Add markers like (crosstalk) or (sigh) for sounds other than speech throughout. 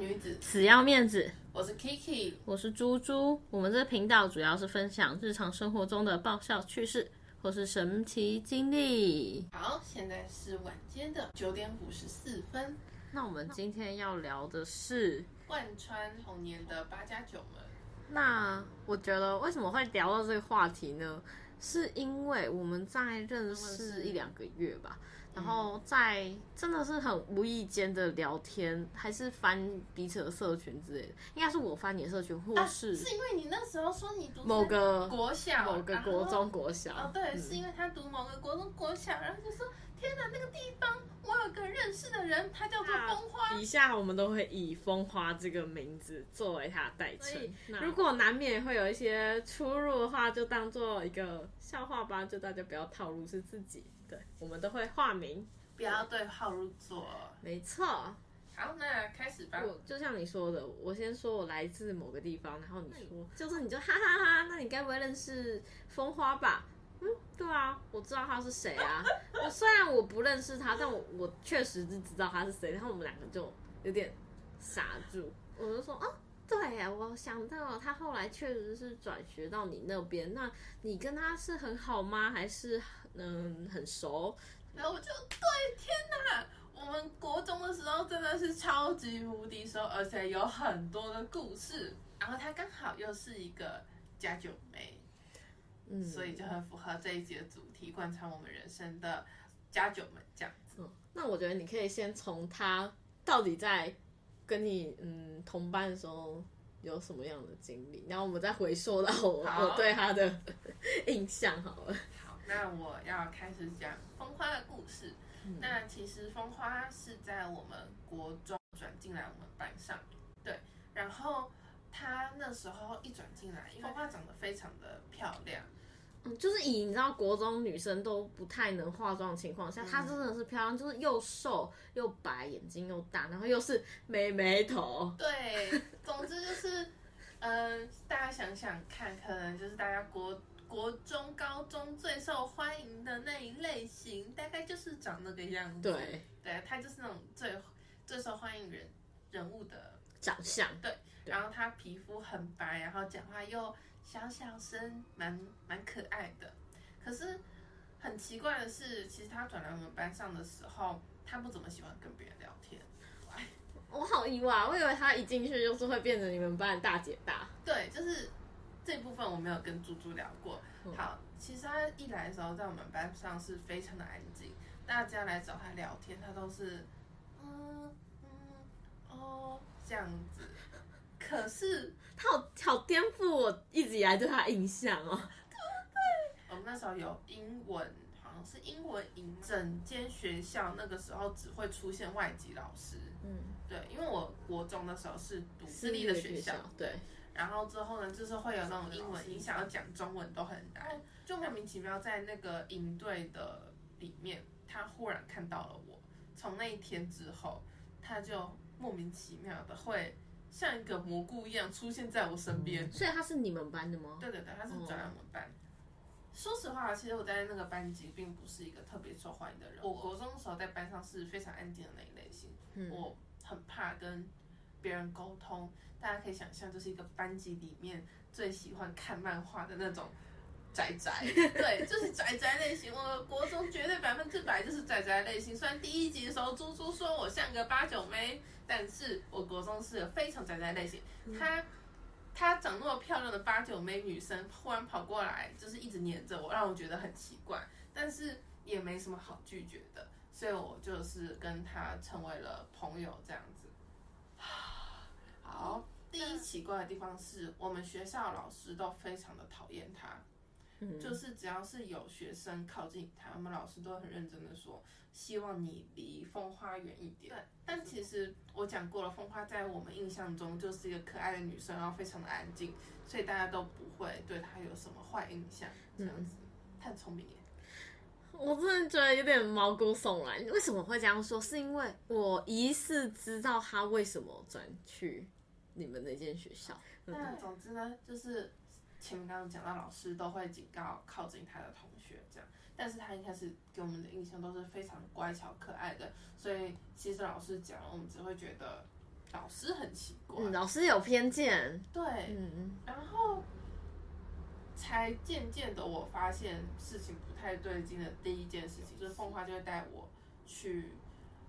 女子死要面子，我是 Kiki，我是豬豬。我們這頻道主要是分享日常生活中的爆笑趣事或是神奇經歷。好，現在是晚間的九點五十四分。那我們今天要聊的是貫穿童年的八加九們。那我覺得為什麼會聊到這個話題呢？是因為我們在認識一兩個月吧。然後在真的是很無意間的聊天、嗯，還是翻彼此的社群之類的，應該是我翻你的社群，或是是因為你那時候說你讀某個國小，某個國中國小，哦對、嗯，是因為他讀某個國中國小，然後就說天哪，那個地方我有個認識的人，他叫做風花。以、啊、下我們都會以風花這個名字作為他代稱，如果難免會有一些出入的話，就當做一個笑話吧，就大家不要套路是自己。對，我們都會化名，不要對號入座。沒錯，好，那開始吧。就像你說的，我先說我來自某個地方，然後你說，嗯、就是你就哈哈哈哈，那你該不會認識風花吧？嗯，對啊，我知道他是誰啊。我 (laughs) 雖然我不認識他，但我我確實是知道他是誰。然後我們兩個就有點傻住，我就說啊。對呀，我想到他後來確實是轉學到你那邊，那你跟他是很好嗎？還是嗯很熟？然後我就對天吶，我們國中的時候真的是超級無敵熟，而且有很多的故事。然後他剛好又是一個 8+9 妹，嗯，所以就很符合這一集的主題——貫穿我們人生的 8+9 們這樣子，嗯，那我覺得你可以先從他到底在。跟你嗯同班的時候有什麼樣的經歷？然後我們再回溯到我，我對他的 (laughs) 印象好了。好，那我要開始講風花的故事。嗯。那其實風花是在我們國中轉進來我們班上，對。然後他那時候一轉進來，因為風花長得非常的漂亮。就是以你知道國中女生都不太能化妝的情況下，嗯，她真的是漂亮，就是又瘦又白，眼睛又大，然後又是妹妹頭。對，總之就是，嗯、 (laughs) 呃，大家想想看，可能就是大家國國中、高中最受歡迎的那一類型，大概就是長那個樣子。對，對，啊，她就是那種最最受歡迎人人物的長相。對，對，然後她皮膚很白，然後講話又小小聲，蠻蠻可愛的。可是很奇怪的是，其實他轉來我們班上的時候，他不怎麼喜歡跟別人聊天。我好意外，我以為他一進去就是會變成你們班的大姐大。對，就是這部分我沒有跟豬豬聊過。嗯、好，其實他一來的時候，在我們班上是非常的安靜，大家來找他聊天，他都是嗯嗯哦這樣子。可是。 (laughs) 好好顛覆我一直以來對他印象哦！ (laughs) 對不對，我們那時候有英文，好像是英文營，整間學校那個時候只會出現外籍老師。嗯，對，因為我國中的時候是讀私立的學校，學校對。然後之後呢，就是會有那種英文營，想要講中文都很難。嗯，就莫名其妙在那個營隊的裡面，他忽然看到了我。從那一天之後，他就莫名其妙的會。像一個蘑菇一樣出現在我身邊，嗯，所以他是你們班的嗎？對對對，他是轉來我們班，嗯。說實話，其實我在那個班級並不是一個特別受歡迎的人。我國中的時候在班上是非常安靜的那一類型，嗯，我很怕跟別人溝通。大家可以想象，就是一個班級裡面最喜歡看漫畫的那種宅宅。 (laughs) 對，就是宅宅類型。我國中絕對百分之百就是宅宅類型。雖然第一集的時候，豬豬說我像個八九妹。但是，我國中是非常宅宅類型。他他長那麼漂亮的八九妹女生，忽然跑過來，就是一直黏着我，讓我覺得很奇怪。但是也沒什麼好拒絕的，所以我就是跟他成為了朋友這樣子。好，第一奇怪的地方是我們學校老師都非常的討厭他。就是只要是有學生靠近他，我們老師都很認真的說，希望你離風花遠一點。對。但其實我講過了，風花在我們印象中就是一個可愛的女生，然後非常的安靜，所以大家都不會對她有什麼壞印象。這樣子。太、嗯、聰明了，我真的覺得有點毛骨悚然、啊，為什麼會這樣說？是因為我疑似知道她為什麼轉去你們那間學校。那、嗯嗯、總之呢，就是。前面剛剛講到，老師都會警告靠近他的同學，這樣。但是他一開始給我們的印象都是非常乖巧可愛的，所以其實老師講，我們只會覺得老師很奇怪，嗯，老師有偏見。對，嗯。然後才漸漸的，我發現事情不太對勁的第一件事情，就是鳳花就會帶我去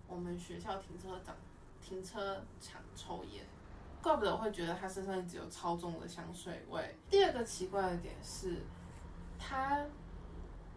我們學校停車場，停車場抽菸。怪不得，我會覺得他身上只有超重的香水味。第二個奇怪的點是，他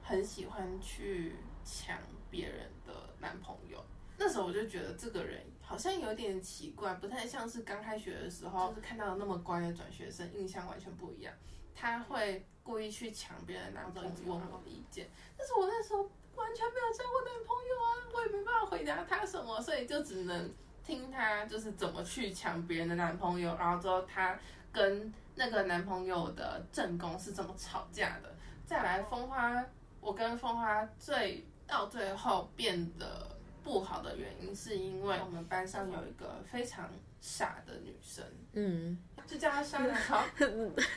很喜歡去搶別人的男朋友。那時候我就覺得這個人好像有點奇怪，不太像是剛開學的時候就是看到那麼乖的轉學生，印象完全不一樣。他會故意去搶別人的男朋友，一直問我的意見。但是我那時候完全沒有交過男朋友啊，我也沒辦法回答他什麼，所以就只能。聽她就是怎麼去搶別人的男朋友，然後之後她跟那個男朋友的正宮是怎麼吵架的。再來，風花，我跟風花最到最後變得不好的原因，是因為我們班上有一個非常傻的女生，嗯，就叫她沙草，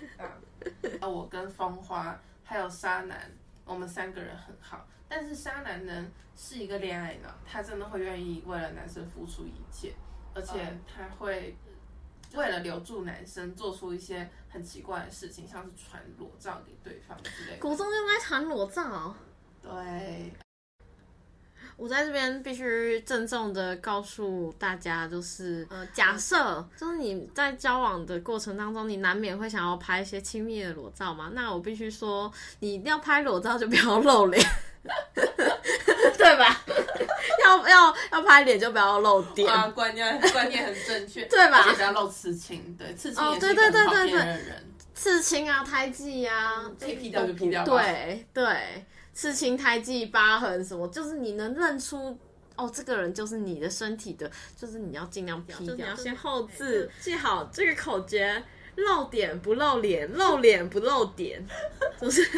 (laughs) 啊，我跟風花還有沙男。我們三個人很好，但是渣男呢，是一個戀愛腦，他真的會願意為了男生付出一切，而且他會為了留住男生做出一些很奇怪的事情，像是傳裸照給對方之類的。國中就該傳裸照。對。我在這邊必須鄭重的告訴大家，就是呃，假設就是你在交往的過程當中，你難免會想要拍一些親密的裸照嘛，那我必須說，你一定要拍裸照就不要露臉， (laughs) (laughs) 對吧？ (laughs) 要要要拍臉就不要露點啊，觀念觀念很正確， (laughs) 對吧？就是要露刺青，對刺青哦，也是一個很討厭的人，哦、對對對對對刺青啊，胎記呀、啊，可以 p 掉就 p 掉、哦，對對。刺青、胎記、疤痕什麼，就是你能認出哦，這個人就是你的身體的，就是你要盡量 P 掉。就是、你要先後字、就是、記好這個口訣：露點不露臉，露臉不露點， (laughs) 就是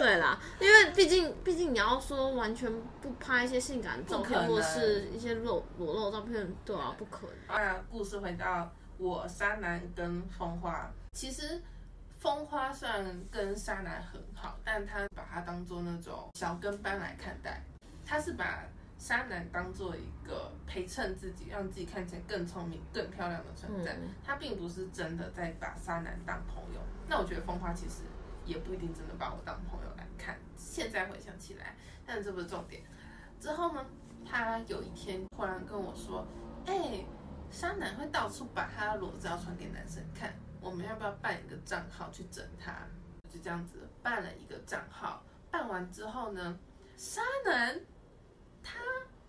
對啦。因為畢竟，畢竟你要說完全不拍一些性感照片，或是一些露裸露照片，對啊，不可能。當然故事回到我山南跟風花，其實。風花雖然跟沙男很好，但他把他當做那種小跟班來看待。他是把沙男當作一個陪襯自己，讓自己看起來更聰明、更漂亮的存在，嗯。他並不是真的在把沙男當朋友。那我覺得風花其實也不一定真的把我當朋友來看。現在回想起來，但這不是重點。之後呢，他有一天忽然跟我說：“哎、欸，沙男會到處把他的裸照傳給男生看。”我們要不要辦一個賬號去整他？就這樣子辦了一個賬號，辦完之後呢，沙男他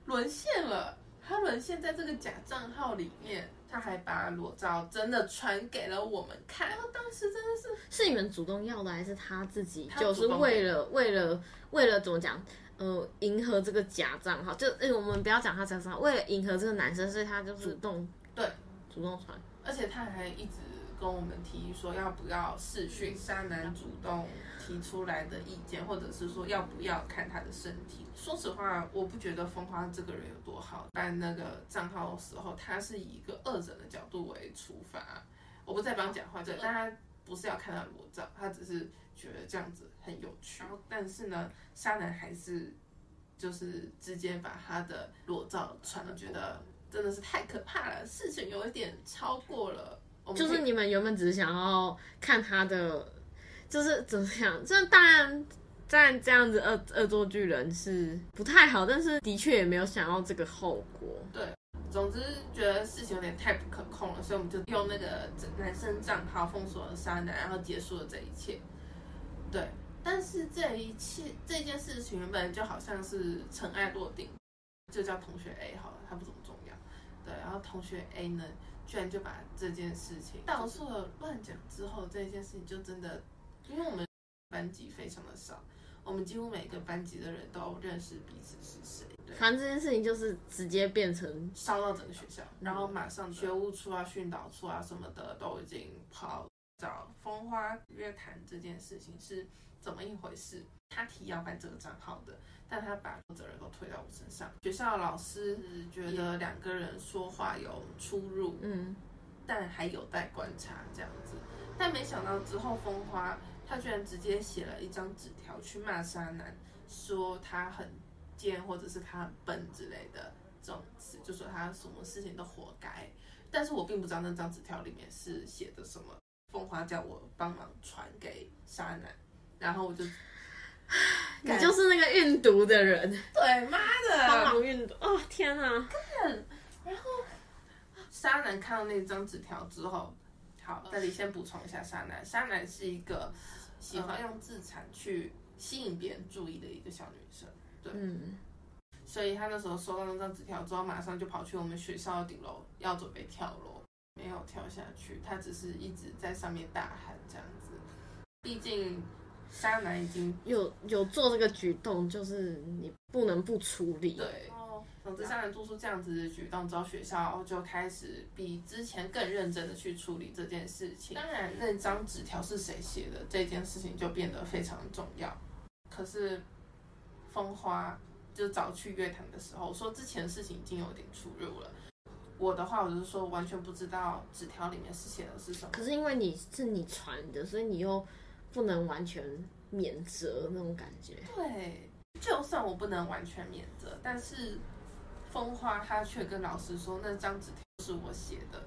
淪陷了，他淪陷在這個假賬號裡面，他還把裸照真的傳給了我們看。然後當時真的是，是你們主動要的，還是他自己就是為了為了為了怎麼講？呃，迎合這個假賬號，就我們不要講他假賬號，為了迎合這個男生，所以他就是主動，對，主動傳，而且他還一直。跟我們提議說要不要視訊，沙男主動提出來的意見，或者是說要不要看他的身體。說實話，我不覺得風花這個人有多好。但那個賬號的時候，他是以一個惡者的角度為出發。我不再幫講話，者，大家不是要看他裸照，他只是覺得這樣子很有趣。但是呢，沙男還是就是直接把他的裸照傳了，覺得真的是太可怕了，事情有一點超過了。Okay, 就是你們原本只是想要看他的。就是怎麼講，這當然在這樣子惡惡作劇人是不太好，但是的確也沒有想到這個後果。對，總之覺得事情有點太不可控了，所以我們就用那個男生賬號封鎖了三男，然後結束了這一切。對，但是這一切這件事情原本就好像是塵埃落定，就叫同學 A 好了，他不怎麼重要。對，然後同學 A 呢，居然就把這件事情、就是、到處亂講之後，這件事情就真的，因為我們班級非常的少，我們幾乎每個班級的人都認識彼此是誰。對。反正這件事情就是直接變成燒到整個學校，然後馬上、嗯、學務處啊、訓導處啊什麼的都已經跑到找風花月談這件事情是。怎麼一回事？他提要辦這個賬號的，但他把責任都推到我身上。學校老師覺得兩個人說話有出入，嗯，但還有待觀察這樣子。但沒想到之後風花他居然直接寫了一張紙條去罵沙男，說他很賤，或者是他很笨之類的這種詞，就說他什麼事情都活該。但是我並不知道那張紙條裡面是寫的什麼。風花叫我幫忙傳給沙男。然後我就，你就是那個運毒的人，對，媽的，幫忙運毒、哦、啊！天哪，然後，沙男看到那張紙條之後，好，這裡先補充一下沙：沙男，沙男是一個喜歡用自殘去吸引別人注意的一個小女生，對、嗯。所以他那時候收到那張紙條之後，馬上就跑去我們學校的頂樓要準備跳樓，沒有跳下去，他只是一直在上面大喊這樣子。畢竟。山男已經有有做這個舉動，就是你不能不處理。對，總之三人做出這樣子的舉動，之後學校就開始比之前更認真的去處理這件事情。當然，那張紙條是誰寫的這件事情就變得非常重要。可是風花就早去約談的時候說，之前的事情已經有點出入了。我的話，我就是說完全不知道紙條裡面是寫的是什麼。可是因為你是你傳的，所以你又。不能完全免責那種感覺。對，就算我不能完全免責，但是風花他卻跟老師說那張紙條是我寫的，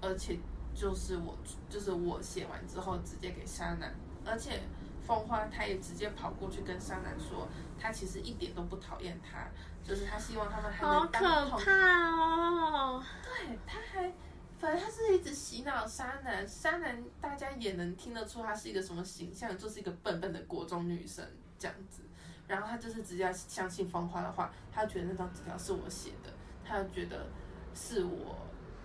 而且就是我就是我寫完之後直接給沙南，而且風花他也直接跑過去跟沙南說他其實一點都不討厭他，就是他希望他們還能當朋友。好可怕哦！對，他還。反正他是一直洗腦沙男，沙男大家也能聽得出他是一個什麼形象，就是一個笨笨的國中女生這樣子。然後他就是直接相信風花的話，他覺得那張紙條是我寫的，他就覺得是我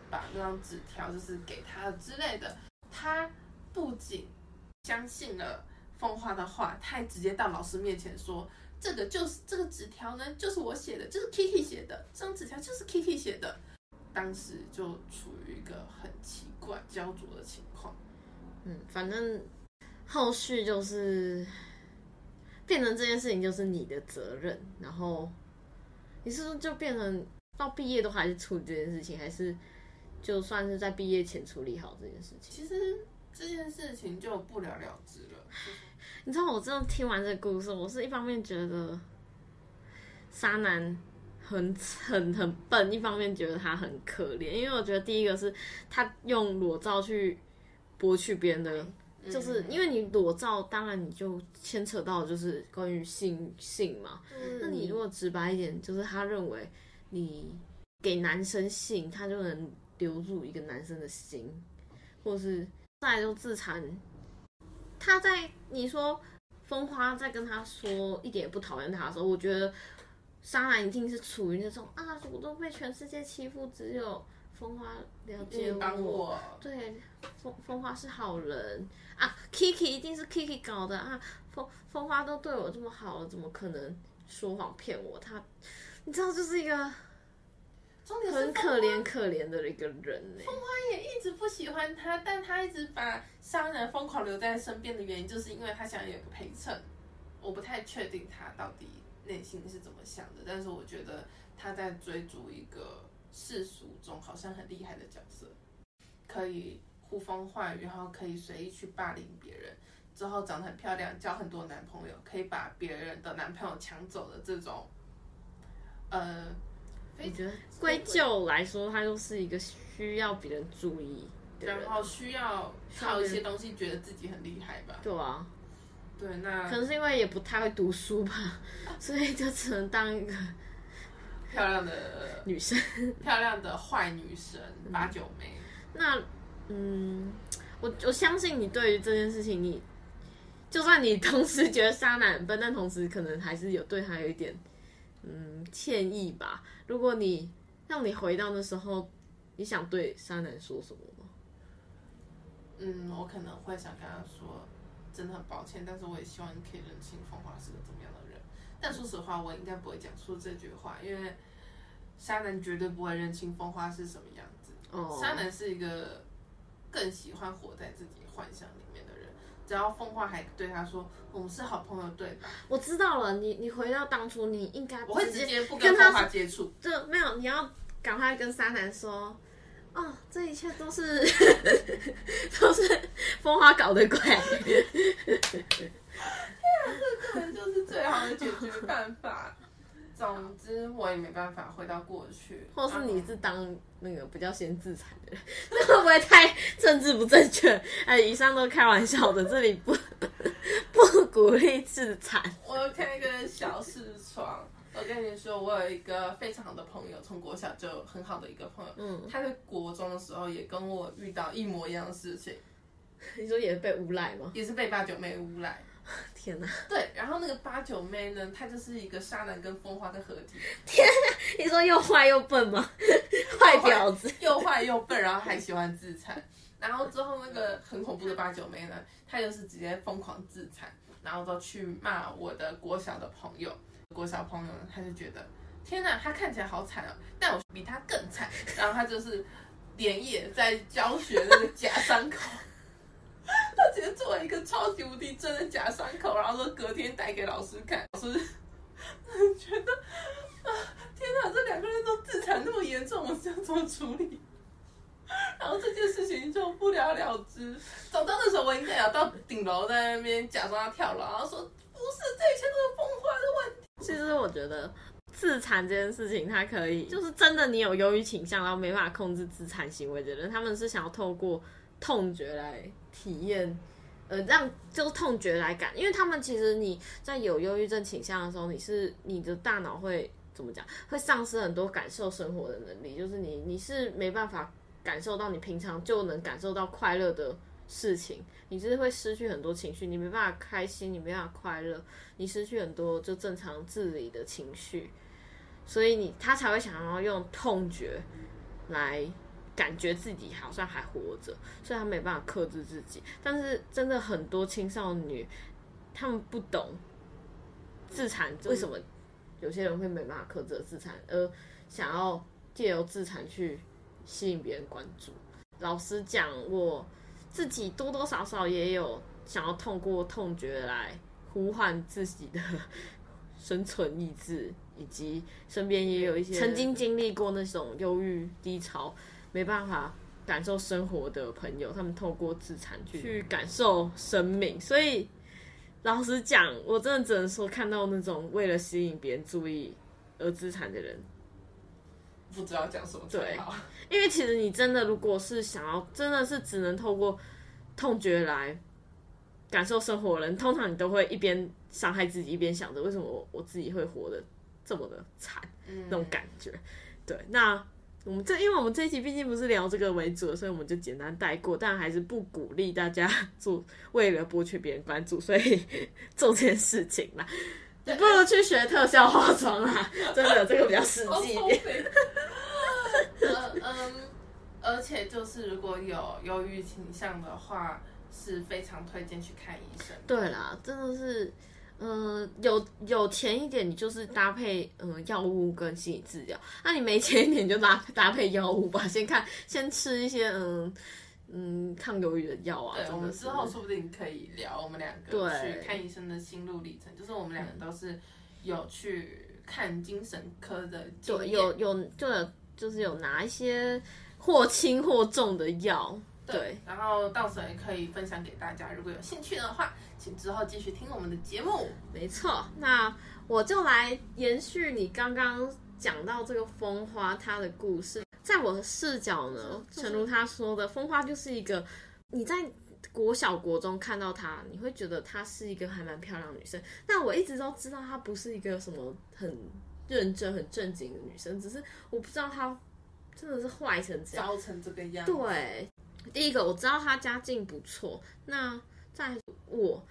把那張紙條就是給他之類的。他不僅相信了風花的話，他還直接到老師面前說：“這個就是這個紙條呢，就是我寫的，就是 Kiki 寫的，這張紙條就是 Kiki 寫的。”當時就處於一個很奇怪焦灼的情況，嗯，反正後續就是變成這件事情就是你的責任，然後你是不是就變成到畢業都還是處理這件事情，還是就算是在畢業前處理好這件事情？其實這件事情就不了了之了。嗯、你知道，我真的聽完這個故事，我是一方面覺得渣男。很很很笨，一方面覺得他很可憐，因為我覺得第一個是他用裸照去博取別人的，嗯、就是因為你裸照，當然你就牽扯到的就是關於性性嘛、嗯。那你如果直白一點，就是他認為你給男生性，他就能留住一個男生的心，或是再來就自殘。他在你說風花在跟他說一點也不討厭他的時候，我覺得。商人一定是處於那種啊，我都被全世界欺負，只有風花了解我。幫我，對，風風花是好人啊，Kiki 一定是 Kiki 搞的啊，風風花都對我這麼好了，怎麼可能說謊騙我？他，你知道這是一個，很可憐可憐的一個人、欸風。風花也一直不喜歡他，但他一直把商人瘋狂留在身邊的原因，就是因為他想要有個陪襯。我不太確定他到底。內心是怎麼想的？但是我覺得他在追逐一個世俗中好像很厲害的角色，可以呼風喚雨，然後可以隨意去霸凌別人，之後長得很漂亮，交很多男朋友，可以把別人的男朋友搶走的這種。呃，你覺得歸咎來說，他就是一個需要別人注意的人，然後需要靠一些東西覺得自己很厲害吧？對啊。對，那可能是因為也不太會讀書吧，所以就只能當一個漂亮的女生，漂亮的壞女生，嗯，八九妹。那，嗯，我我相信你對於這件事情你，你就算你同時覺得渣男笨，但同時可能還是有對他有一點嗯歉意吧。如果你讓你回到那時候，你想對渣男說什麼嗎？嗯，我可能會想跟他說。真的很抱歉，但是我也希望你可以認清風花是個怎麼樣的人。但說實話，我應該不會講出這句話，因為沙男絕對不會認清風花是什麼樣子。哦、嗯，沙男是一個更喜歡活在自己幻想裡面的人。只要風花還對他說我們是好朋友，對吧？我知道了，你你回到當初，你應該我會直接不跟他接觸。就沒有，你要趕快跟沙男說。啊、哦，這一切都是 (laughs) 都是風花搞的鬼、 (laughs) (laughs) 啊！這可、個、能就是最好的解決辦法。總之，我也沒辦法回到過去。或是你是當那個比較先自殘的人， (laughs) 這個會不會太政治不正確？哎，以上都開玩笑的，這裡不不鼓勵自殘。我開個小視窗。 (laughs) 我跟你說，我有一個非常的好的朋友，從國小就很好的一個朋友。嗯，他在國中的時候也跟我遇到一模一樣的事情。你說也是被誣賴嗎？也是被八九妹誣賴。天哪！對，然後那個八九妹呢，她就是一個渣男跟風花的合體。天哪，你說又壞又笨嗎？壞婊子，又壞又笨，然後還喜歡自殘。然後之後那個很恐怖的八九妹呢，她就是直接瘋狂自殘，然後都去罵我的國小的朋友。國小朋友，他就覺得天哪、啊，他看起來好慘哦，但我比他更慘。然後他就是連夜在教學那個假傷口， (laughs) 他直接做了一個超級無敵真的假傷口，然後說隔天帶給老師看，老師就覺得啊天哪、啊，這兩個人都自殘那麼嚴重，我是要怎麼處理？然後這件事情就不了了之。走到的時候，我應該也要到頂樓在那邊假裝他跳樓，然後說。不是，這一切都是崩壞的問題。其實我覺得自殘這件事情，它可以就是真的，你有憂鬱傾向，然後沒法控制自殘行為的人，他們是想要透過痛覺來體驗，呃，讓就是痛覺來感，因為他們其實你在有憂鬱症傾向的時候，你是你的大腦會怎麼講，會喪失很多感受生活的能力，就是你你是沒辦法感受到你平常就能感受到快樂的。事情，你就是會失去很多情緒，你沒辦法開心，你沒辦法快樂，你失去很多就正常自理的情緒，所以你他才會想要用痛覺，來感覺自己好像還活着，所以他沒辦法克制自己。但是真的很多青少女，他們不懂自殘為什麼有些人會沒辦法克制自殘，而想要借由自殘去吸引別人關注。老實講，我。自己多多少少也有想要通過痛覺來呼喚自己的生存意志，以及身邊也有一些曾經經歷過那種憂鬱低潮、沒辦法感受生活的朋友，他們透過自殘去去感受生命。所以，老實講，我真的只能說，看到那種為了吸引別人注意而自殘的人，不知道講什麼最好，因為其實你真的，如果是想要真的是只能透過痛覺來感受生活的人，通常你都會一邊傷害自己，一邊想着為什麼我，我自己會活得這麼的慘，嗯、那種感覺。對，那我們這因為我們這一期畢竟不是聊這個為主，所以我們就簡單帶過，但還是不鼓勵大家做為了博取別人關注，所以做這 (laughs) 件事情啦，你不如去學特效化妝啦，真的這個比較實際一點。 (laughs) 而 (laughs) 而且就是如果有憂鬱傾向的話，是非常推薦去看醫生的。對啦，真的是，嗯，有有錢一點，你就是搭配嗯藥物跟心理治療；那你沒錢一點，就搭搭配藥物吧，先看先吃一些嗯嗯抗憂鬱的藥啊。對、這個，我們之後說不定可以聊我們兩個去看醫生的心路歷程，就是我們兩個都是有去看精神科的經驗，就有有就。就是有拿一些或輕或重的藥，對，然後到時候也可以分享給大家。如果有興趣的話，請之後繼續聽我們的節目。沒錯，那我就來延續你剛剛講到這個風花它的故事。在我的視角呢，誠如他說的、就是，風花就是一個你在國小國中看到她，你會覺得她是一個還蠻漂亮的女生。那我一直都知道她不是一個什麼很。認真很正經的女生，只是我不知道她真的是壞成這樣，糟成這個樣。對，第一個我知道她家境不錯。那在我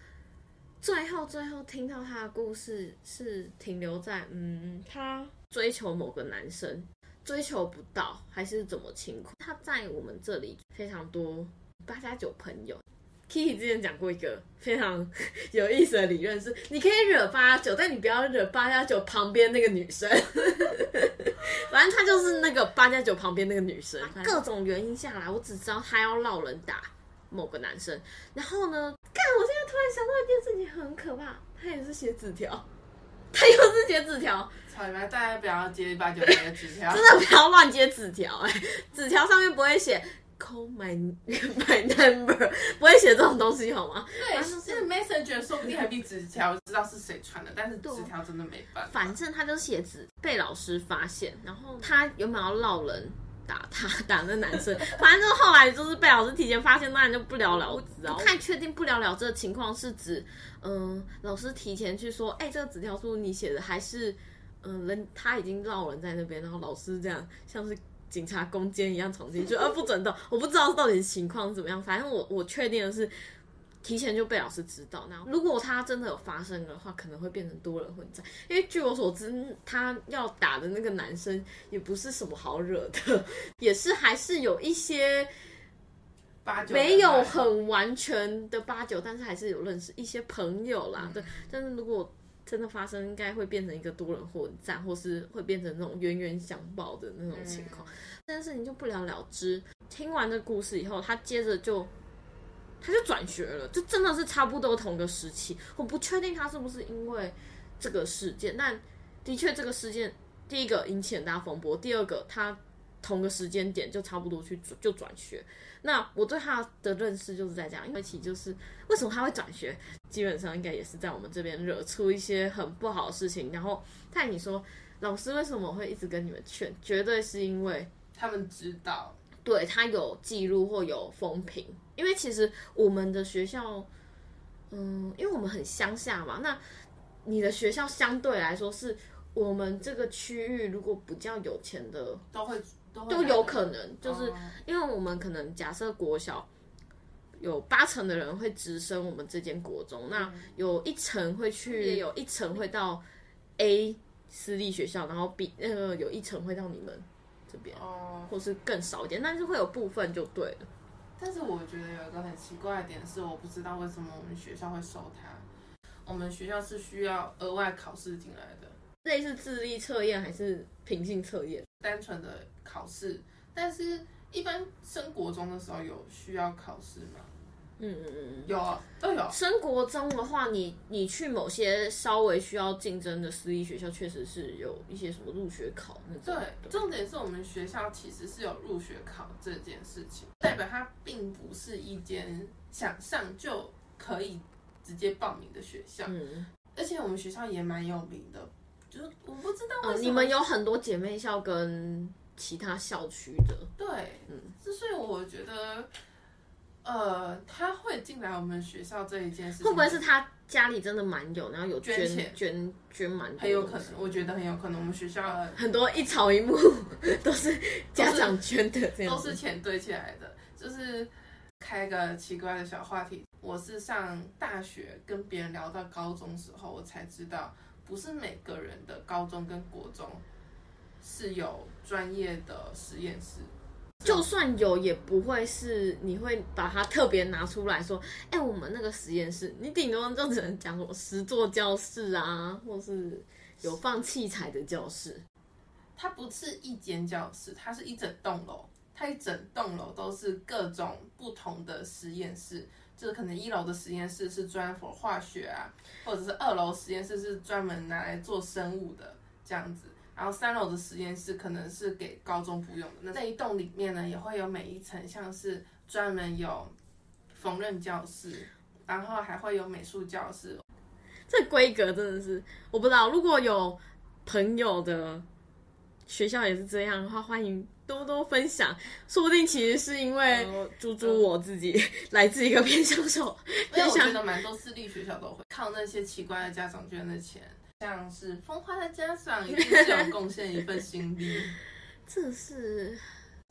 最後最後聽到她的故事，是停留在嗯，她追求某個男生，追求不到還是怎麼情況？她在我們這裡非常多八加九朋友。Kiki 之前講過一個非常有意思的理論，是你可以惹八九，但你不要惹八加九旁邊那個女生。反正她就是那個八加九旁邊那個女生。各種原因下來，我只知道她要烙人打某個男生。然後呢，幹我現在突然想到一件事情，很可怕，她也是寫紙條，她又是寫紙條。操你大家不要接八九寫的紙條，真的不要亂接紙條。哎，紙條上面不會寫。Call my my number， (laughs) 不會寫這種東西好嗎？對，這 messenger 說不定還比紙條知道是誰傳的，但是紙條真的沒辦法。反正他就寫紙，被老師發現，然後他有沒有要烙人打他打那男生？ (laughs) 反正就後來就是被老師提前發現，那你就不了了之啊。太確定不了了之的情況是指，嗯、呃，老師提前去說，哎、欸，這個紙條是你寫的，還是嗯、呃，人他已經烙人在那邊，然後老師這樣像是。警察攻堅一樣闖進去，而、啊、不准動。我不知道到底情況怎麼樣，反正我我確定的是，提前就被老師知道。那如果他真的有發生的話，可能會變成多人混戰。因為據我所知，他要打的那個男生也不是什麼好惹的，也是還是有一些沒有很完全的八九，但是還是有認識一些朋友啦。對，嗯、但是如果真的發生，應該會變成一個多人混戰，或是會變成那種冤冤相報的那種情況。這件事情就不了了之。聽完這的故事以後，他接着就，他就轉學了，就真的是差不多同個時期。我不確定他是不是因為這個事件，但的確這個事件，第一個引起很大風波，第二個他。同個時間點就差不多去就轉學，那我對他的認識就是在這樣。因為其實就是為什麼他會轉學，基本上應該也是在我們這邊惹出一些很不好的事情。然後他，你說老師為什麼會一直跟你們勸？絕對是因為他們知道，對他有記錄或有風評。因為其實我們的學校，嗯，因為我們很鄉下嘛，那你的學校相對來說是我們這個區域，如果比較有錢的都會。都有可能，就是因為我們可能假設國小有八成的人會直升我們這間國中，那有一成會去，有一成會到 A 私立學校，然後 B 那個有一成會到你們這邊，哦，或是更少一點，但是會有部分就對了。但是我覺得有一個很奇怪的點是，我不知道為什麼我們學校會收他，我們學校是需要額外考試進來的，類似智力測驗還是品性測驗？單純的考試，但是一般升國中的時候有需要考試嗎？嗯嗯嗯，有啊，都有。升國中的話你，你你去某些稍微需要競爭的私立學校，確實是有一些什麼入學考那種，對。對，重點是我們學校其實是有入學考這件事情，代表它並不是一間想上就可以直接報名的學校。嗯，而且我們學校也蠻有名的。就我不知道為什麼、呃、你們有很多姐妹校跟其他校區的對，嗯，是。所以我覺得，呃，他會進來我們學校這一件事情，會不會是他家裡真的蠻有，然後有捐錢捐捐蠻多，很有可能，我覺得很有可能，我們學校很多一草一木都是家長捐的都，都是錢堆起來的，就是開個奇怪的小話題。我是上大學跟別人聊到高中的時候，我才知道。不是每個人的高中跟國中，是有專業的實驗室，就算有也不會是你會把它特別拿出來說。哎、欸，我們那個實驗室，你頂多就只能講我十座教室啊，或是有放器材的教室。它不是一間教室，它是一整棟樓，它一整棟樓都是各種不同的實驗室。就是可能一樓的實驗室是專門化學啊，或者是二樓實驗室是專門拿來做生物的這樣子，然後三樓的實驗室可能是給高中部用的。那這一棟裡面呢，也會有每一層，像是專門有縫紉教室，然後還會有美術教室。這規格真的是我不知道，如果有朋友的學校也是這樣的話，歡迎。多多分享，說不定其實是因為豬豬我自己、嗯、 (laughs) 來自一個偏鄉社。因為我覺得蠻多私立學校都會靠那些奇怪的家長捐的錢，像是風花的家長一定是有貢獻一份心力。 (laughs) 這是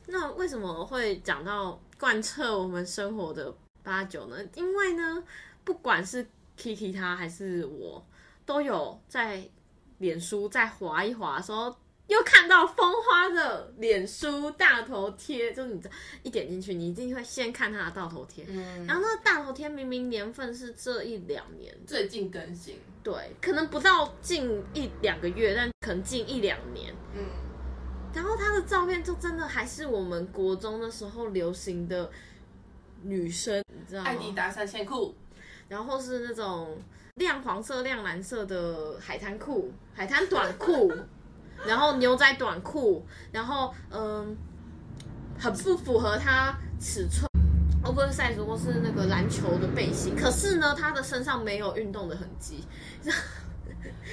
那為什麼會講到貫徹我們生活的八九呢？因為呢，不管是 Kiki 他還是我，都有在臉書再划一划說。又看到風花的臉書大頭貼，就是你知道一點進去，你一定會先看他的大頭貼。嗯，然後那個大頭貼明明年份是這一兩年，最近更新。對，可能不到近一兩個月，但可能近一兩年。嗯，然後他的照片就真的還是我們國中的時候流行的女生，嗯、你知道嗎？愛迪達三線褲，然後是那種亮黃色、亮藍色的海灘褲、海灘短褲。 (laughs) 然後牛仔短褲，然後嗯，很不符合他尺寸，oversize 或是那個籃球的背心。可是呢，他的身上沒有運動的痕跡，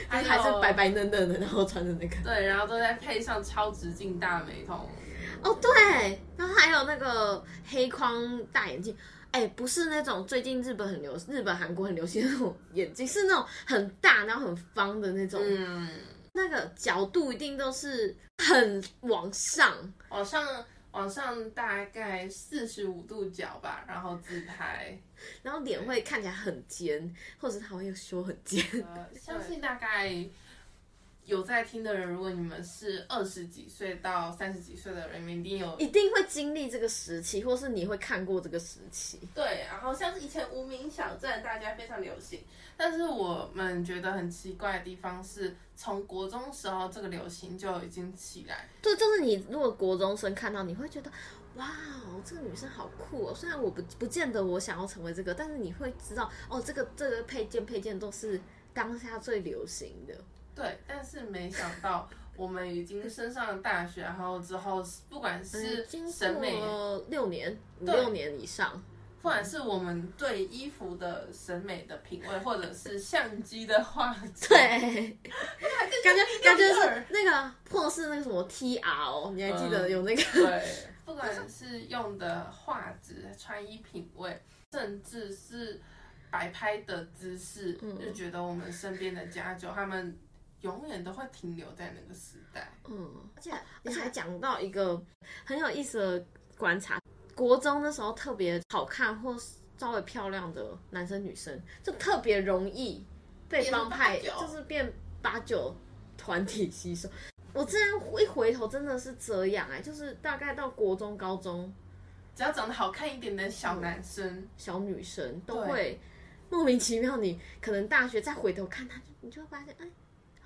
他還，還是白白嫩嫩的，然後穿着那個。對，然後都再配上超直徑大美瞳。哦，對，然後還有那個黑框大眼鏡，哎，不是那種最近日本很流、日本韓國很流行的那種眼鏡，是那種很大然後很方的那種。嗯。那個角度一定都是很往上，往上，往上大概四十五度角吧，然後自拍，然後臉會看起來很尖，或者他會修很尖，呃、 (laughs) 相信大概。有在聽的人，如果你們是二十幾歲到三十幾歲的人，一定有一定會經歷這個時期，或是你會看過這個時期。對，然後像是以前《無名小站》大家非常流行，但是我們覺得很奇怪的地方是，從國中時候這個流行就已經起來。對，就是你如果國中生看到，你會覺得哇，這個女生好酷哦。雖然我不不見得我想要成為這個，但是你會知道哦，這個這個配件配件都是當下最流行的。對，但是沒想到我們已經升上了大學，然後之後不管是審美、嗯、經過了六年、六年以上，不管是我們對衣服的審美的品味，嗯、或者是相機的畫質，對，感覺感覺是那個破是那個什麼 TR，、哦、你還記得有那個、嗯？對，不管是用的畫質、穿衣品味，甚至是擺拍的姿勢，嗯、就覺得我們身邊的 8+9 他們。永遠都會停留在那個時代，嗯，而且你還講到一個很有意思的觀察：國中那時候特別好看或稍微漂亮的男生女生，就特別容易被幫派，就是變八九團體吸收。 (laughs) 我之前一回頭，真的是這樣哎，就是大概到國中、高中，只要長得好看一點的小男生、嗯、小女生，都會莫名其妙你。你可能大學再回頭看他，你就會發現哎。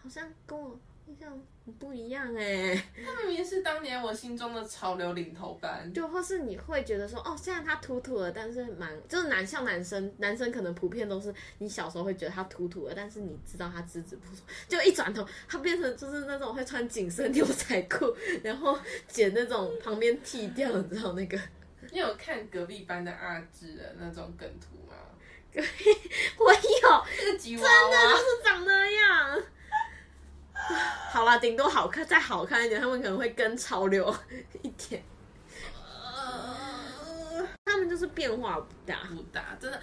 好像跟我印象很不一樣哎，欸，他明明是當年我心中的潮流領頭班，就或是你會覺得說，哦，現在他土土了，但是蠻就是男像男生，男生可能普遍都是你小時候會覺得他土土的，但是你知道他資質不錯，就一轉頭他變成就是那種會穿緊身牛仔褲，然後剪那種旁邊剃掉的，你知道那個？你有看隔壁班的阿志的那種梗圖嗎？ (laughs) 我有，這個真的就是長那樣。好啦，頂多好看，再好看一點，他們可能會跟潮流一點。他們就是變化不大，不大，真的。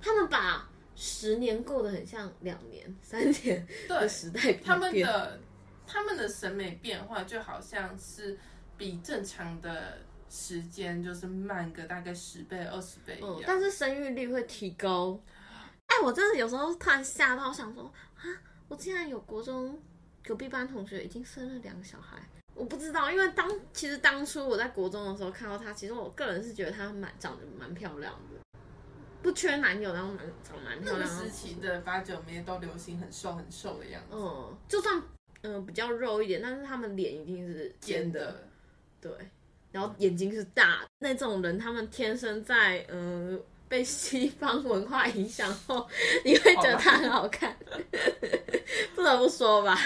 他們把十年過得很像兩年、三年的時代。他們的他們的審美變化就好像是比正常的時間就是慢個大概十倍、二十倍一樣。哦、但是生育率會提高。哎、欸，我真的有時候突然嚇到，我想說啊，我竟然有國中。隔壁班同學已經生了兩個小孩，我不知道，因為當其實當初我在國中的時候看到她，其實我個人是覺得她蠻長得蠻漂亮的，不缺男友，然後蠻長蠻漂亮。那個時期的八九妹都流行很瘦很瘦的樣子，嗯，就算嗯、呃、比較肉一點，但是他們臉一定是尖的，的，對，然後眼睛是大那種人，他們天生在嗯。呃被西方文化影響後，你會覺得它很好看，好 (laughs) 不得不說吧。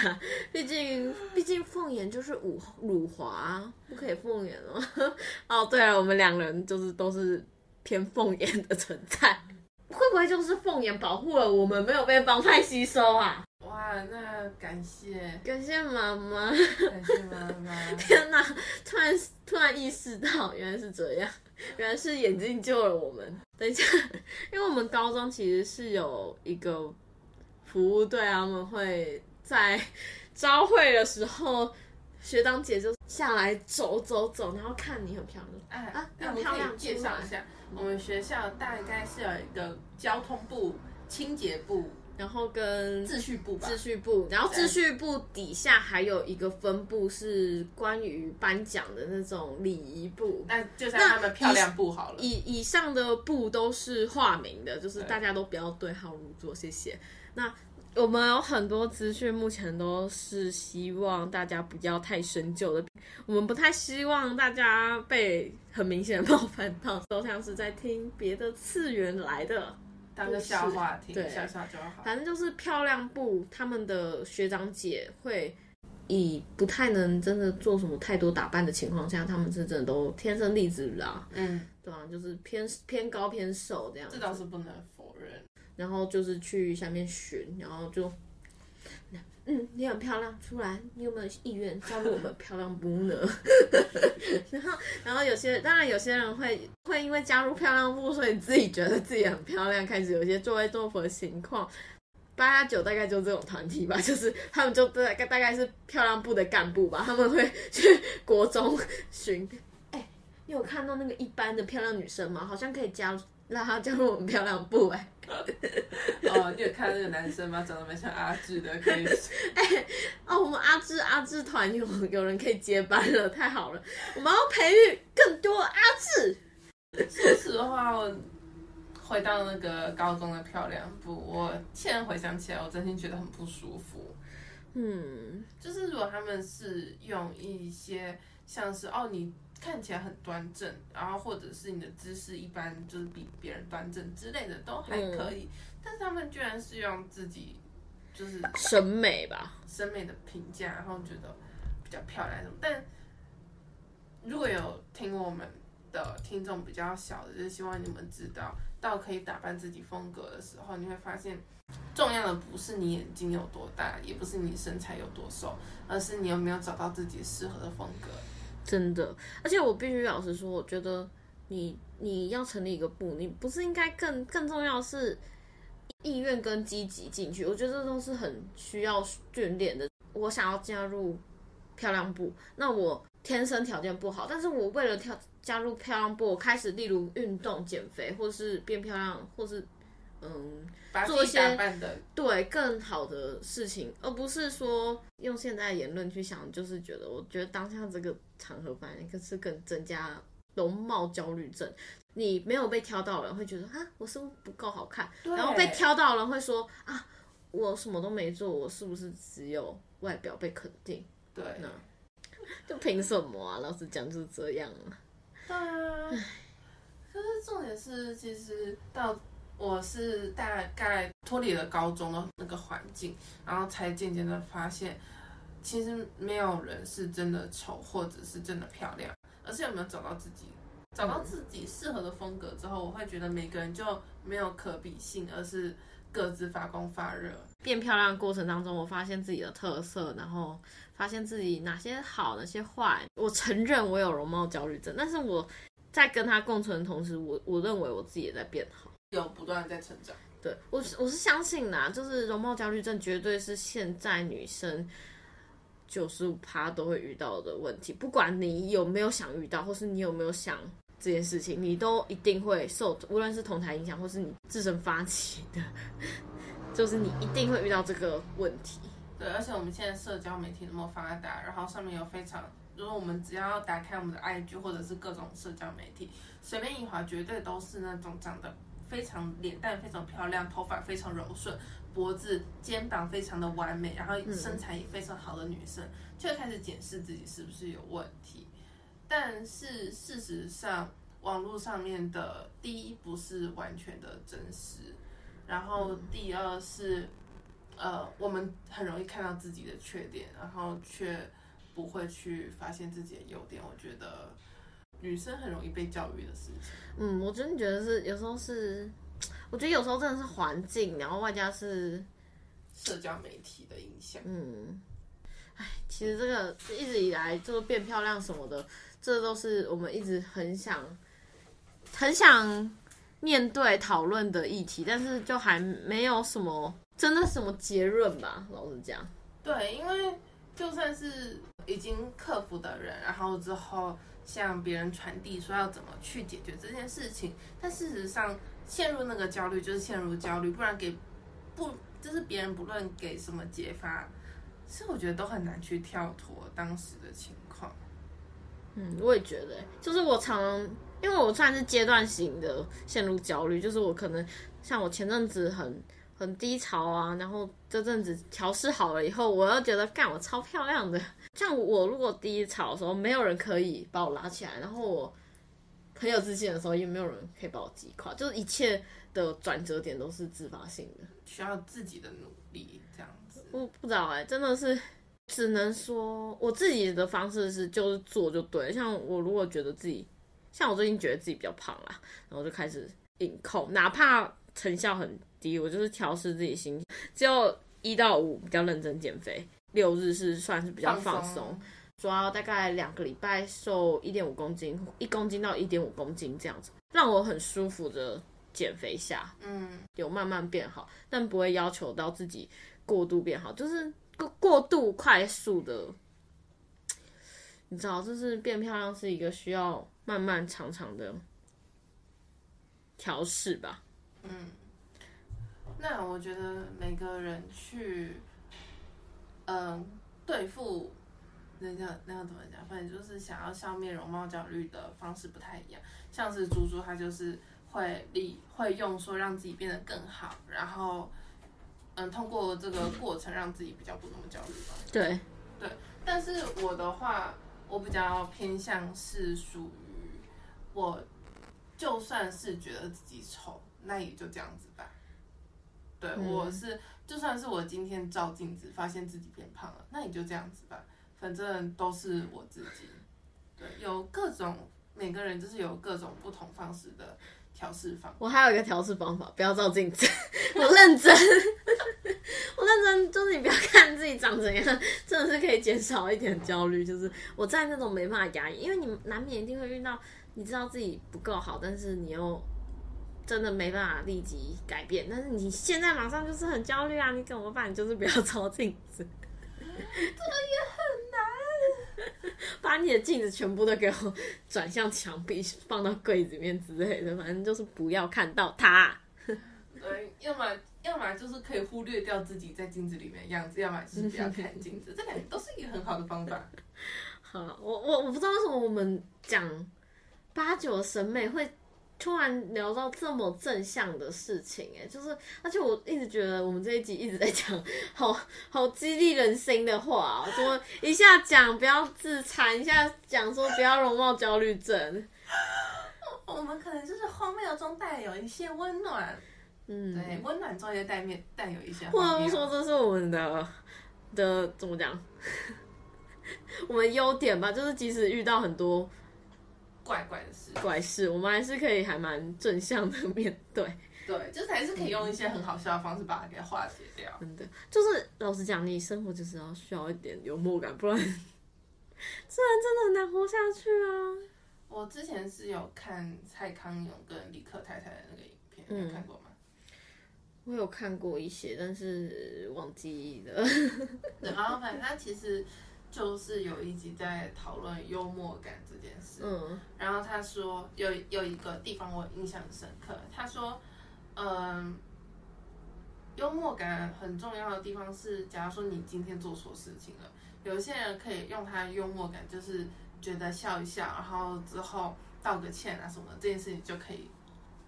畢竟，畢竟鳳眼就是辱辱華，不可以鳳眼哦哦，對了、啊，我們兩人就是都是偏鳳眼的存在，會不會就是鳳眼保護了我們，沒有被幫派吸收啊？哇，那感謝，感謝媽媽，感謝媽媽。天哪、啊，突然突然意識到，原來是這樣。原來是眼鏡救了我們。等一下，因為我們高中其實是有一個服務隊，他們會在招會的時候，學長姐就下來走走走，然後看你很漂亮。哎啊，很漂亮！介紹一下，我們學校大概是有一個交通部、清潔部。然後跟秩序部吧，秩序部，然後秩序部底下還有一個分部是關於頒獎的那種禮儀部。那就像他們漂亮部好了。以以上的部都是化名的，就是大家都不要對號入座，謝謝。那我們有很多資訊，目前都是希望大家不要太深究的，我們不太希望大家被很明顯的冒犯到，都像是在聽別的次元來的。當個笑話聽，對，笑笑就好。反正就是漂亮部他們的學長姐會，以不太能真的做什麼太多打扮的情況下，他們是真的都天生麗質啊。嗯，對啊，就是偏偏高偏瘦這樣子。這倒是不能否認。然後就是去下面尋，然後就。那嗯，你很漂亮，出來，你有沒有意願加入我們 (laughs) 漂亮部呢？ (laughs) 然後，然後有些當然有些人會會因為加入漂亮部，所以自己覺得自己很漂亮，開始有些作威作福的情況。八九大概就這種團體吧，就是他們就大大概是漂亮部的幹部吧，他們會去國中巡。哎、欸，你有看到那個一般的漂亮女生嗎？好像可以加入。那他加入我們漂亮部。哎、欸？ (laughs) 哦，你有看那個男生嗎？長得蠻像阿志的，可以。哎、 (laughs) 欸，哦，我們阿志阿志團有有人可以接班了，太好了！我們要培育更多阿志。說實話，回到那個高中的漂亮部，我現在回想起來，我真心覺得很不舒服。嗯，就是如果他們是用一些像是哦，你。看起來很端正，然後或者是你的姿勢一般，就是比別人端正之類的都還可以，嗯，但是他們居然是用自己就是審美吧，審美的評價，然後覺得比較漂亮什麼。但如果有聽我們的聽眾比較小的，就希望你們知道，到可以打扮自己風格的時候，你會發現重要的不是你眼睛有多大，也不是你身材有多瘦，而是你有沒有找到自己適合的風格。真的，而且我必須老實說，我覺得你你要成立一個部，你不是應該更更重要的是意願跟積極進去？我覺得這都是很需要訓練的。我想要加入漂亮部，那我天生條件不好，但是我為了跳加入漂亮部，我開始例如運動、減肥，或者是變漂亮，或者是。嗯的，做一些對更好的事情，而不是說用現在的言論去想，就是覺得我覺得當下這個場合反應，更是更增加容貌焦慮症。你沒有被挑到人會覺得啊，我是不是不夠好看？然後被挑到人會說啊，我什麼都沒做，我是不是只有外表被肯定？對，對，那就憑什麼啊？老實講就是這樣啊。對啊，可是重點是其實到。我是大概脫離了高中的那個環境，然後才漸漸的發現，其實沒有人是真的醜，或者是真的漂亮，而是有沒有找到自己，找到自己適合的風格之後，我會覺得每個人就沒有可比性，而是各自發光發熱。變漂亮的過程當中，我發現自己的特色，然後發現自己哪些好，哪些壞。我承認我有容貌焦慮症，但是我在跟他共存的同時，我我認為我自己也在變好。有不斷在成長，對，我是我是相信的，就是容貌焦慮症絕對是現在女生九十五趴都會遇到的問題，不管你有沒有想遇到，或是你有沒有想這件事情，你都一定會受，無論是同台影響，或是你自身發起的，就是你一定會遇到這個問題。對，而且我們現在社交媒體那麼發達，然後上面有非常，如果我們只要打開我們的 IG 或者是各種社交媒體，隨便一滑，絕對都是那種長得。非常臉蛋非常漂亮，頭髮非常柔順，脖子肩膀非常的完美，然後身材也非常好的女生，就、嗯、開始檢視自己是不是有問題。但是事實上，網絡上面的第一不是完全的真實，然後第二是、嗯，呃，我們很容易看到自己的缺點，然後卻不會去發現自己的優點。我覺得。女生很容易被教育的事情，嗯，我真的覺得是有時候是，我覺得有時候真的是環境，然後外加是社交媒體的影響，嗯，哎，其實這個一直以來就是變漂亮什麼的，這都是我們一直很想很想面對討論的議題，但是就還沒有什麼真的什麼結論吧，老實講。對，因為就算是已經克服的人，然後之後。向別人傳遞說要怎麼去解決這件事情，但事實上陷入那個焦慮就是陷入焦慮，不然給不就是別人不論給什麼解法，其實我覺得都很難去跳脫當時的情況。嗯，我也覺得，就是我常常，因為我算是階段型的陷入焦慮，就是我可能像我前陣子很。很低潮啊，然後這陣子調試好了以後，我又覺得幹我超漂亮的。像我如果低潮的時候，沒有人可以把我拉起來，然後我很有自信的時候，也沒有人可以把我擊垮，就是一切的轉折點都是自發性的，需要自己的努力這樣子。我不知道哎、欸，真的是，只能說我自己的方式是就是做就對。像我如果覺得自己，像我最近覺得自己比較胖啦，然後就開始硬控，哪怕。成效很低，我就是調適自己心，只有一到五比較認真減肥，六日是算是比較放鬆，放主要大概兩個禮拜瘦一點五公斤，一公斤到一點五公斤這樣子，讓我很舒服的減肥下，嗯，有慢慢變好，但不會要求到自己過度變好，就是過過度快速的，你知道，就是變漂亮是一個需要慢慢長長的調適吧。嗯，那我覺得每個人去，嗯，對付那個那個怎麼講，反正就是想要消滅容貌焦慮的方式不太一樣。像是豬豬，他就是會立會用說讓自己變得更好，然後嗯，通過這個過程讓自己比較不那麼焦慮吧。對，對。但是我的話，我比較偏向是屬於，我就算是覺得自己醜。那也就這樣子吧。對，嗯、我是就算是我今天照鏡子發現自己變胖了,那也就這樣子吧，反正都是我自己。對，有各種每個人就是有各種不同方式的調試方法。我還有一個調試方法，不要照鏡子， (laughs) 認真 (laughs) 我認真，我認真就是你不要看自己長怎樣，真的是可以減少一點焦慮。嗯、就是我在那種沒辦法壓抑，因為你難免一定會遇到，你知道自己不夠好，但是你又。真的沒辦法立即改變，但是你現在馬上就是很焦慮啊！你怎麼辦？你就是不要照鏡子， (laughs) 這個也很難。 (laughs) 把你的鏡子全部都給我轉向牆壁，放到櫃子裡面之類的，反正就是不要看到它。 (laughs) 對，要麼要麼就是可以忽略掉自己在鏡子裡面的樣子，要麼就是不要看鏡子， (laughs) 這兩個都是一個很好的方法。好，我我我不知道為什麼我們講八九審美會。突然聊到這麼正向的事情，欸，哎，就是而且我一直覺得我們這一集一直在講好好激勵人心的話，喔，說一下講不要自殘，一下講說不要容貌焦慮症。我們可能就是荒謬中帶有一些溫暖，嗯，對，溫暖中也帶面帶有一些。或者說，這是我們的的怎麼講？ (laughs) 我們優點吧，就是即使遇到很多。怪怪的事，怪事，我們還是可以還蠻正向的面對，對，就是還是可以用一些很好笑的方式把它給化解掉，嗯。真的，就是老實講，你生活就是要需要一點幽默感，不然，不然真的很難活下去啊！我之前是有看蔡康永跟李克太太的那個影片，嗯，你看過嗎？我有看過一些，但是忘記了。然後反正其實。就是有一集在討論幽默感這件事，嗯，然後他說有，有一個地方我印象很深刻，他說，嗯，幽默感很重要的地方是，假如說你今天做錯事情了，有些人可以用他幽默感，就是覺得笑一笑，然後之後道個歉啊什麼的，這件事情就可以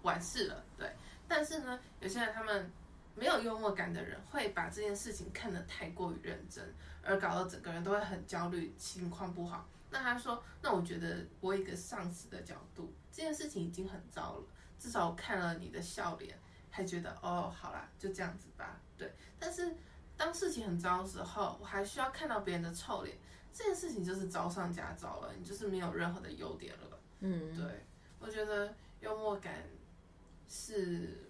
完事了，對。但是呢，有些人他們沒有幽默感的人，會把這件事情看得太過於認真。而搞得整個人都會很焦慮，情況不好。那他說：“那我覺得，我一個上司的角度，這件事情已經很糟了。至少我看了你的笑臉，還覺得哦，好啦，就這樣子吧。對。但是當事情很糟的時候，我還需要看到別人的臭臉，這件事情就是糟上加糟了。你就是沒有任何的優點了。嗯，對。我覺得幽默感是，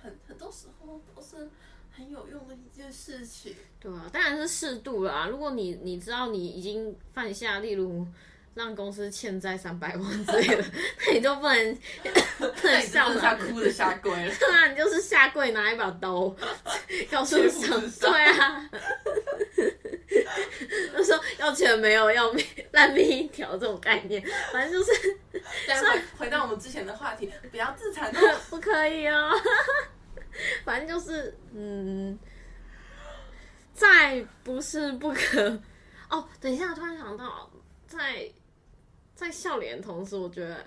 很很多時候都是。”很有用的一件事情，對啊，當然是適度啦。如果你你知道你已經犯下，例如讓公司欠債三百萬之類的， (laughs) 那你就不能 (laughs) 不能笑下哭着下跪了，了 (laughs) 啊，你就是下跪拿一把刀，告訴上司，對啊，他 (laughs) 說要錢沒有，要命爛命一條這種概念，反正就是。這樣回， (laughs) 回到我們之前的話題，不要自殘， (laughs) 不可以哦。反正就是，嗯，再不是不可哦。等一下，突然想到，在在笑臉的同時，我覺得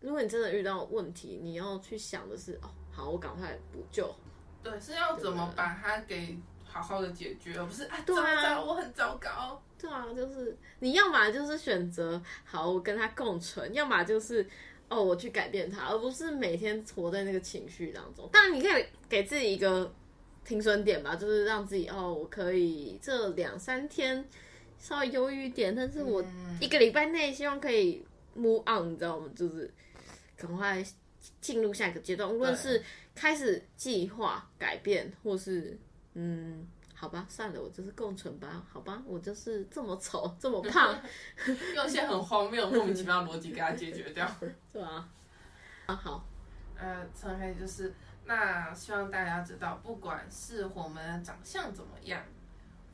如果你真的遇到問題，你要去想的是，哦，好，我趕快補救。對，是要怎麼把它給好好的解決，而不是啊，對啊，我很糟糕。對啊，就是你要嘛，就是選擇好，我跟他共存，要麼就是。哦，我去改變它，而不是每天活在那個情緒當中。當然，你可以給自己一個停損點吧，就是讓自己哦，我可以這兩三天稍微憂鬱一點，但是我一個禮拜內希望可以 move on，你知道嗎？就是趕快進入下一個階段，無論是開始計劃改變，或是嗯。好吧，算了，我就是共存吧。好吧，我就是這麼醜，這麼胖， (laughs) 用一些很荒謬、莫 (laughs) 名其妙的邏輯給它解決掉，對 (laughs) 啊，啊好，呃，陳黑就是，那希望大家知道，不管是我們長相怎麼樣，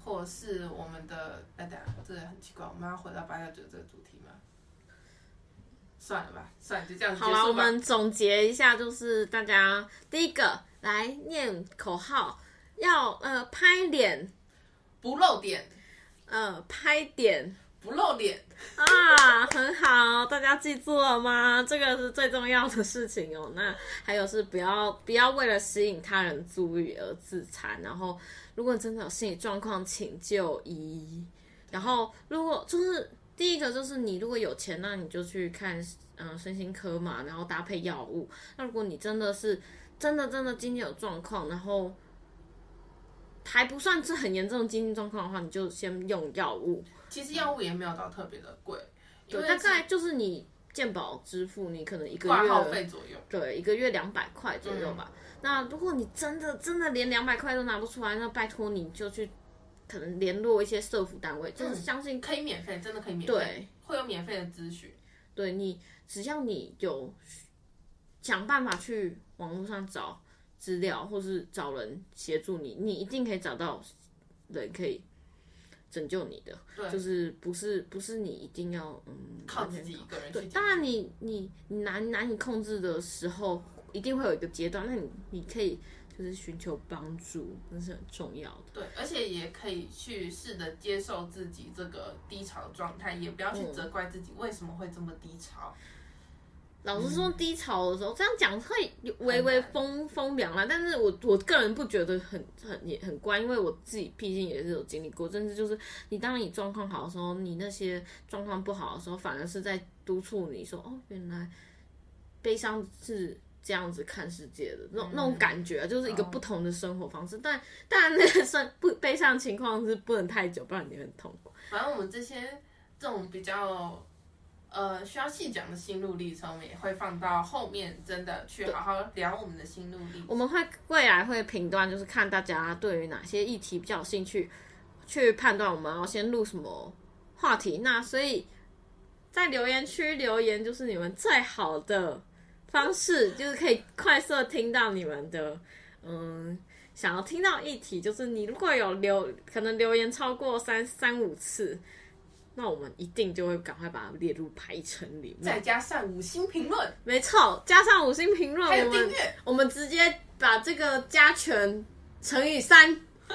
或是我們的哎等等，這也、個、很奇怪，我們要回到八幺九這個主題嗎？算了吧，算了吧，算了，就這樣好了，啊，我們總結一下，就是大家第一個來念口號。要呃拍臉不露點，呃拍點不露臉啊，很好，大家記住了嗎？這個是最重要的事情哦。那還有是不要，不要為了吸引他人注意而自殘，然後如果你真的有心理狀況，請就醫。然後如果就是第一個就是你如果有錢，那你就去看嗯、呃、身心科嘛，然後搭配藥物。那如果你真的是真的真的經濟有狀況，然後。還不算是很嚴重的經濟狀況的話，你就先用藥物。其實藥物也沒有到特別的貴、嗯。對，大概就是你健保支付，你可能一個月掛號費左右，對，一個月兩百塊左右吧、嗯。那如果你真的真的連兩百塊都拿不出來，那拜託你就去可能聯絡一些社福單位，嗯、就是相信可以，可以免費，真的可以免費，對，會有免費的諮詢。對你，只要你有想辦法去網絡上找。資料，或是找人協助你，你一定可以找到人可以拯救你的，對，就是不是不是你一定要嗯靠自己一個人去。當然你你你難難以控制的時候，一定會有一個階段，那你你可以就是尋求幫助，那是很重要的。對，而且也可以去試着接受自己這個低潮的狀態，也不要去責怪自己為什麼會這麼低潮。老實說，低潮的時候，嗯、這樣講會有微，微微風風涼了。但是我我個人不覺得很很很乖，因為我自己畢竟也是有經歷過。甚至就是你當你狀況好的時候，你那些狀況不好的時候，反而是在督促你說：“哦，原來悲傷是這樣子看世界的，那、嗯、那種感覺、啊、就是一個不同的生活方式。嗯”但但那個不悲傷情況是不能太久，不然你很痛苦。反正我們這些這種比較。呃，需要細講的心路歷程，我們也會放到後面，真的去好好聊我們的心路歷程。我們會未來會評斷，就是看大家對於哪些議題比較有興趣，去判斷我們要先錄什麼話題。那所以在留言區留言就是你們最好的方式， (laughs) 就是可以快速聽到你們的，嗯，想要聽到議題，就是你如果有留，可能留言超過三三五次。那我們一定就會趕快把它列入排程裡面，再加上五星評論。沒錯，加上五星評論，還有訂閱，我們我們直接把這個加權乘以三。 (laughs)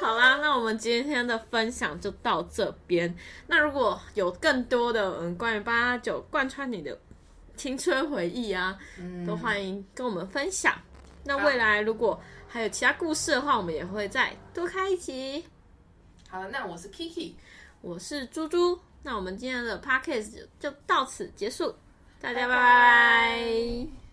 好啦，那我們今天的分享就到這邊。那如果有更多的嗯關於八九貫穿你的青春回憶啊、嗯，都歡迎跟我們分享。那未來如果還有其他故事的話，我們也會再多開一集。好了，那我是 Kiki，我是豬豬，那我們今天的 Podcast 就到此結束，大家拜拜。Bye bye